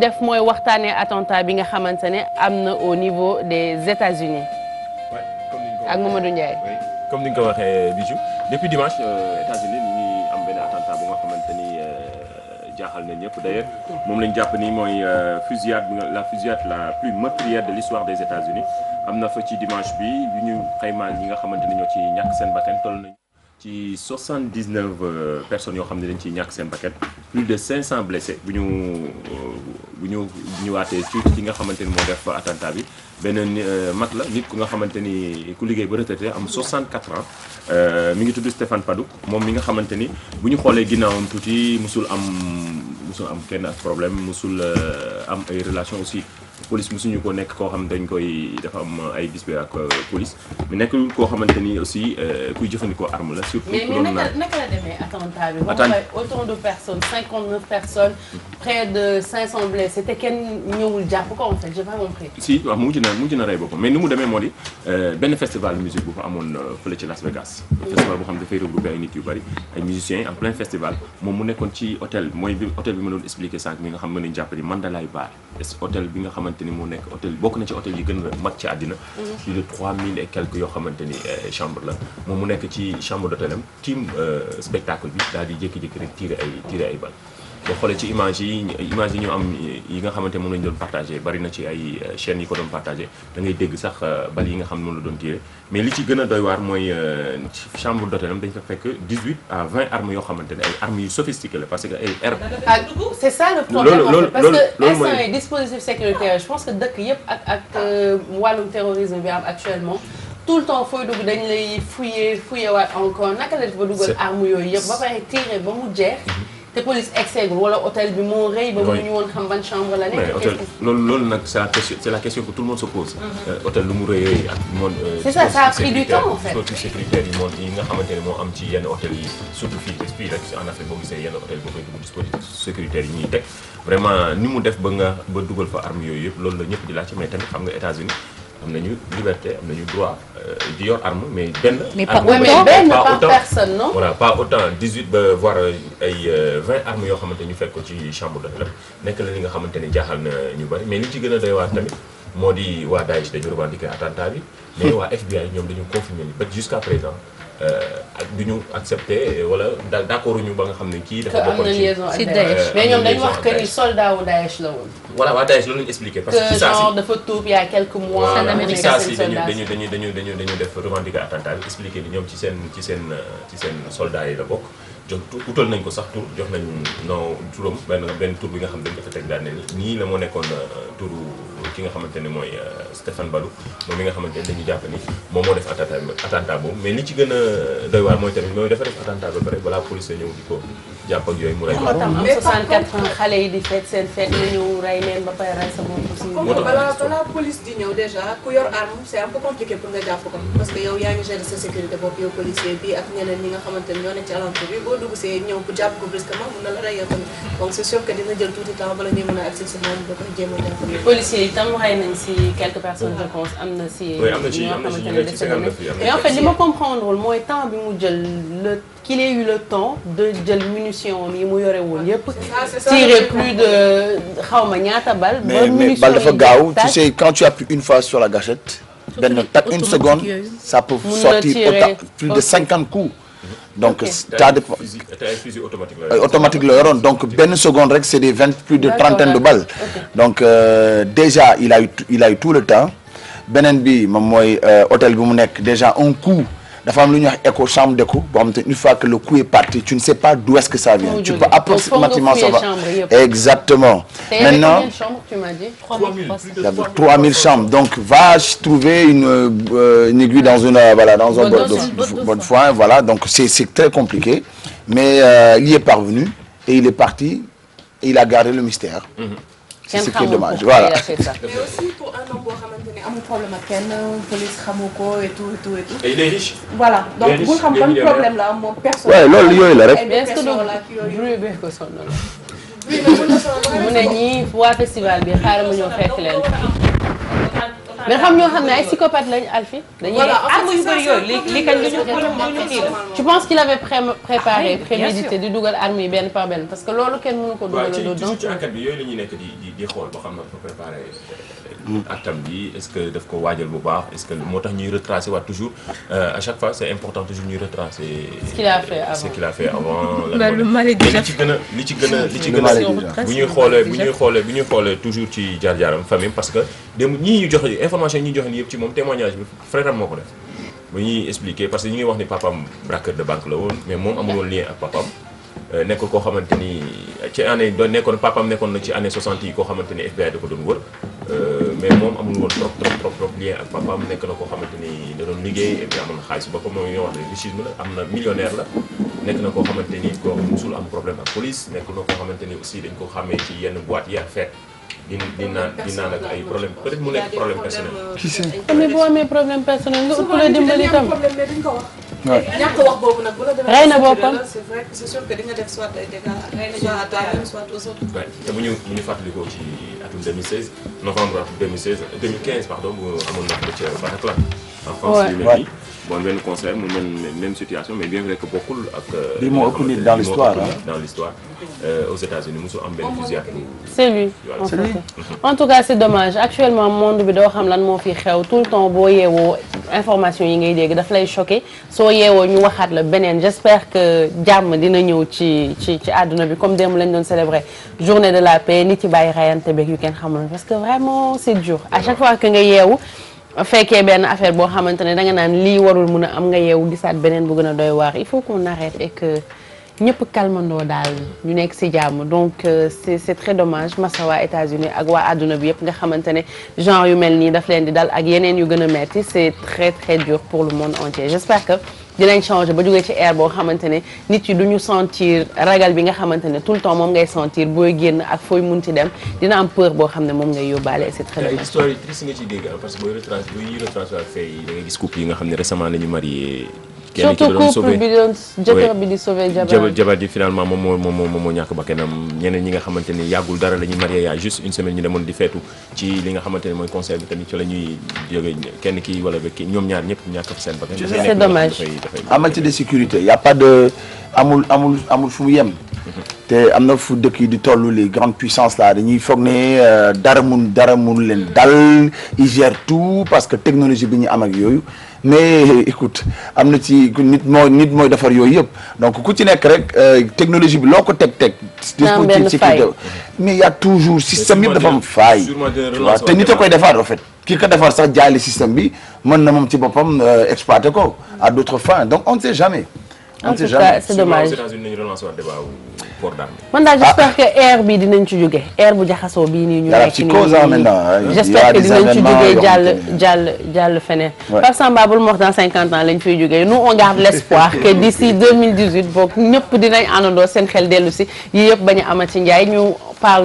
def mooy waxtaanee attentat bi nga xamante ne am na au niveau des États-Unis ak Mamadou Ndiaye. comme ni nga ko waxee Bijou depuis dimanche euh, États-Unis ñu am benn attentat bu nga xamante ni euh, jaaxal na ñëpp d'ailleurs moom lañ jàpp ni mooy euh, fusillade la fusillade la plus meurtrière de l'histoire des États-Unis am na fa ci dimanche bi yu ñu xaymaa yi nga xamante ni ñoo ci ñàkk seen bakkan toll ci 79 euh, personnes yoo xam ne dañ ci ñàkk seen bakkan plus de 500 blessés bu ñu euh, bu ñu ñëwaatee ci ci nga xamante ni moo def attenta bi benn euh, mag la nit ku nga xamante ni ku liggéey ba retraité am 64 ans mi ngi tudd Stéphane Padouk moom mi nga xamante ni bu ñu xoolee ginnaawam tuuti musul am musul am kenn ak problème musul am ay relation aussi police mosuñu ko nekk koo xam dañ koy dafa am ay bis bi ak euh, police mais nekkul koo xamante aussi euh, kuy jëfandikoo arme la. surtout la demee attentat bi. attentat bi de personnes 59 personnes. près de 500 blessés te kenn ñëwul jàpp ko en fait si waaw mujj na mujj na rey boppam mu demee moo di euh, benn festival musique bu fa amoon fële ci Las Vegas. festival boo xam dafay regroupé ay nit yu bari ay musiciens en plein festival moom mu nekkoon ci hôtel mooy bi hôtel bi ma doon expliqué sànq mi nga xam ne ni jàpp ni xamante ni moo nekk hôtel bokk na ci hôtel yi gën a mag ci àddina mhm. plus de 3000 et quelques yoo xamante ni euh, chambre la moom mu nekk ci chambre d'hôtel am team euh, spectacle bi daal di jékki-jékki rek tiire ay tiire ay bal boo xoolee yi image yi ñu am yi nga xamante moom lañu doon partagé bari na ci ay euh, chaînes yi ko doon partagé da dégg sax euh, bal yi nga xam ne moom la doon tiré mais li ci gën a doy waar mooy euh, chambre d'hôtel am dañ fa fekk 18 à 20 armes yoo xamante ne ay armes yu sophistiquées la parce que ay armes. Ah, c'est ça le problème loolu loolu parce que instant dispositif sécuritaire je pense que dëkk yëpp ak ak wàllum terrorisme bi am actuellement. tout le temps fooy dugg dañ lay fouiller fouiller waat encore yooyu yëpp ba te police exeggul wala hôtel bi moo rëy. ba mënuñu woon xam ban chambre la nekk. hôtel loolu loolu nag c'est la question c'est la question que tout le monde se pose. Mm-hmm. Euh, hôtel lu mu rëy rëy ak monde. Euh, c'est ça ça a pris du temps en yi moom nga xamante ne moo am ci yenn hôtel yi surtout fii fii rek en Afrique boo gisee yenn hôtel boo koy dugg dispositif sécuritaire yi ñuy teg vraiment ni mu def ba nga ba dugal fa arme yooyu yëpp loolu la ñëpp di laajte mais tamit xam nga États-Unis am na nañu liberté am nañu droit euh, di yor arme mais benn. mais pas autant personne non. voilà pas autant 18 ba voire euh, ay 20 euh, armes yoo xamante ñu fekk ko ci chambre d'hôtel nekk na li nga xamante ne jaaxal na ñu bari mais li ci gën a doy waar tamit moo di waa Daesh dañu revendiquer attentat bi. mais waa FBI ñoom dañu confirmer ni ba jusqu'à présent. Euh, ak du ñu accepté wala d' accord ñu ba nga xam ne kii. dafa bokkoon ci si Daesh euh, mais ñoom dañu wax que ni soldat wu Daesh la woon. voilà waa Daesh loolu lañu expliqué. parce que genre a quelques si dañu dañu dañu dañu dañu def revendiquer attentat bi expliqué ñoom ci seen ci seen ci seen soldat yi la bokk. donc utal nañ ko sax tur jox nañ non turam benn benn bi nga xam dañ ko fa teg daal nii la moo nekkoon euh, turu ki nga xamante ne mooy euh, Stéphane Badou moom mi nga xamante ne dañu jàpp ni moom moo def attentat attentat boobu mais li ci gën a doy waar mooy tamit mooy dafa def attentat ba pare balaa police ñëw di ko jàpp ak yooyu am 64 xale yi di fête seen fête ñu ñëw rey leen ba pare rey sa bopp aussi. moo tax balaa police di ñëw déjà ku yor arme c'est un peu pour nga jàpp ko. parce que yow yaa ngi gérer sa ak ñeneen ñi nga xamante ñoo nekk ci alentour boo dugg see ñëw ku jàpp ko brusquement mun na la rey yow tamit donc c'est sûr que dina jël tuuti temps bala ñuy mën a accès si moom ba koy jéem yi tam rey nañ si quelques personnes je pense si. am na ci am qu'il ait eu le temps de jël munition am yi mu woon yëpp. Ah, tirer plus de xawma ñaata bal. ba munition bal dafa gaaw tu sais quand une fois sur la gâchette. une seconde ça peut sortir de cinquante coups. donc tas de fusil automatique euh, la automatique yoroon donc benn seconde rek c'est vingt plus de trentaine de balles. donc euh, déjà il a eu tout le temps beneen bi moom mooy euh, hôtel bi mu nekk déjà un coup. dafa am lu ñuy wax écho chambre d'écho boo xam te une fois que le coup est parti tu ne sais pas d'où est-ce que ça vient. tu peux approximativement maintenant tu m'as dit donc va trouver une euh, une aiguille dans une euh, voilà dans un bon foin voilà donc c'est très compliqué mais euh, il y est parvenu parti et il a gardé le mystère. Mhm. c'est ce qui est dommage voilà. amul problème ak kenn police xamu ko et tout et tout et tout. il est riche. voilà donc bul xam ban problème la am moom personne. waaw loolu yooyu la rek. est-ce que du ko sonal. mu ne ñii waa festival bi xaaral ma ñëw fekk leen. mais xam ñoo xam ne ay psychopathe lañu Alfi. dañuy arme yu bëri yooyu li li la ñu kii la. tu penses qu'il avait pré préparé ah prémédité di dugal arme yi benn par benn parce que loolu kenn mënu ko dugal. loolu donc waaw ci ci enquête bi yooyu la ñuy nekk di xam na préparé. actam bi est-ce que daf ko waajal bu baax est-ce que moo tax ñuy retracer waat toujours euh, à chaque fois c'est important toujours ñuy retracer. li ci gën a ci gën a bu ñuy xoolee bu ñuy xoolee bu ñuy xoolee toujours ci jaar-jaaram famille parce que démb ñii ñu joxe information yi ñuy joxe yëpp ci moom témoignage bi frère am moo ko def. bu ñuy expliquer parce que ñu ngi wax ni papam braqueur de banque la woon mais moom amul lien ak papam euh, nekkul koo xamante ni ci année nekkoon papam nekkoon na ci année 60 yi koo xamante ni FBI da mais moom amul woon trop trop trop trop lien ak papaam nekk na koo xamante ni da doon liggéey et puis amoon na xaalis boppam moom ñoo ne richisme na millionnaire la nekk na koo xamante ni koo musul am problème ak police nekk na koo xamante ni aussi dañ ko xàmmee ci yenn boîte yi ak fête di di ay problème peut mu nekk problème personnel. Euh, mais boo amee problème personnel nga ut la dimbali tam. ñàkk wax boobu nag bu la demee. rey na boppam c'est vrai c'est sûr que di nga def soit ay dégâts rey na soit à toi-même soit aux autres. te bu ñu bu ñu fàttalikoo ci atum 2016 novembre 2016 2015 pardon bu amoon na ko ca Bataclan. en France yu mel nii bon benn concert mu mel même situation mais bien vrai que bokkul ak. bi euh, moo ëpp nit dans l'histoire dans l'histoire euh, aux États-Unis mosul am benn c'est lui en c'est dommage actuellement monde bi doo xam lan moo fi xew tout le temps boo yeewoo information yi ngay dégg daf lay choqué soo yeewoo ñu waxaat la beneen j'espère que jàmm dina ñëw ci ci ci àdduna bi comme démb lañ doon célébrer journée de la paix nit ci bàyyi rayante beeg yu kenn xamul parce que vraiment c'est dur à chaque fois que nga yeewu. fekkee benn affaire boo xamante ne danga naan lii warul mun a am nga yeewu gisaat beneen bu gën a doy waar il faut qu'on arrête e que ñëpp kalmandoo daal ñu nekk ci jàmm donc euh, c'est c'est très dommage massa waa États-Unis ak waa àdduna bi yëpp nga xamante ne genre yu mel nii daf leen di dal ak yeneen yu gën a metti c'est très très dur pour le monde entier j'espère que dinañ changer ba jógee ci air boo xamante ne nit yi du ñu sentir ragal bi nga xamante ne tout le temps moom ngay sentir booy génn ak fooy mun ci dem dina am peur boo xam ne moom ngay yóbbaale et c'est très bien. histoire triste nga ciy dégg parce que booy retrace booy retrace ak fay couple yi nga xam ne récemment la ñu kenn ki doon sauvé surtout couple bi doon jëkkër bi di sauvé jabar ji finalement moom moo moom moom moo ñàkk bakkanam ñeneen ñi nga xamante ni yàggul dara la ñuy marié yaa juste une semaine ñu demoon di feetu ci li nga xamante ne mooy conseil bi tamit ci la ñuy jóge kenn kii wala ki ñoom ñaar ñëpp ñàkk fa seen bakkan c'est dommage en de sécurité y a pas de amul amul amul fu mu yem mm-hmm. te am na fu dëkk yi di toll les grandes puissances là dañuy foog ne euh, dara mun dara mun leen dal ils gèrent tout parce que technologie bi ñu am ak yooyu mais écoute am na ci nit mooy nit mooy defar yooyu yëpp donc ku ci nekk rek euh, technologie bi loo ko teg teg. dispositif sécurité mais y a toujours système yëpp dafa am faille. waaw te nit a koy defar en fait. ki ko defar sax jaay système bi mën na moom ci boppam euh, exploité ko à d'autres fins donc on ne sait jamais. on ne sait jamais en tout c'est dommage. port d'arme. man daal ah. j'espère que air bi dinañ ci jóge air bu jaxasoo bii nii ñu nekk nii j'espère que dinañ ci jógee jàll jàll jàll feneen par Samba bul ma wax dans cinquante ans lañ fiy jógee nous on garde l'espoir que d'ici deux mille dix-huit boog ñëpp dinañ àndandoo seen xel dellu si yii yëpp bañ a ci njaay ñu parle